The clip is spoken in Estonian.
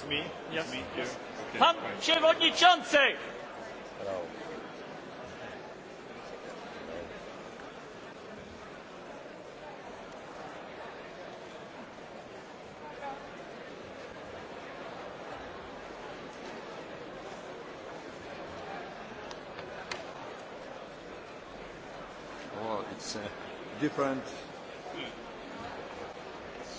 It's me. Yes. It's me too. Okay. Pan przewodniczący! Hello. Oh, it's uh, different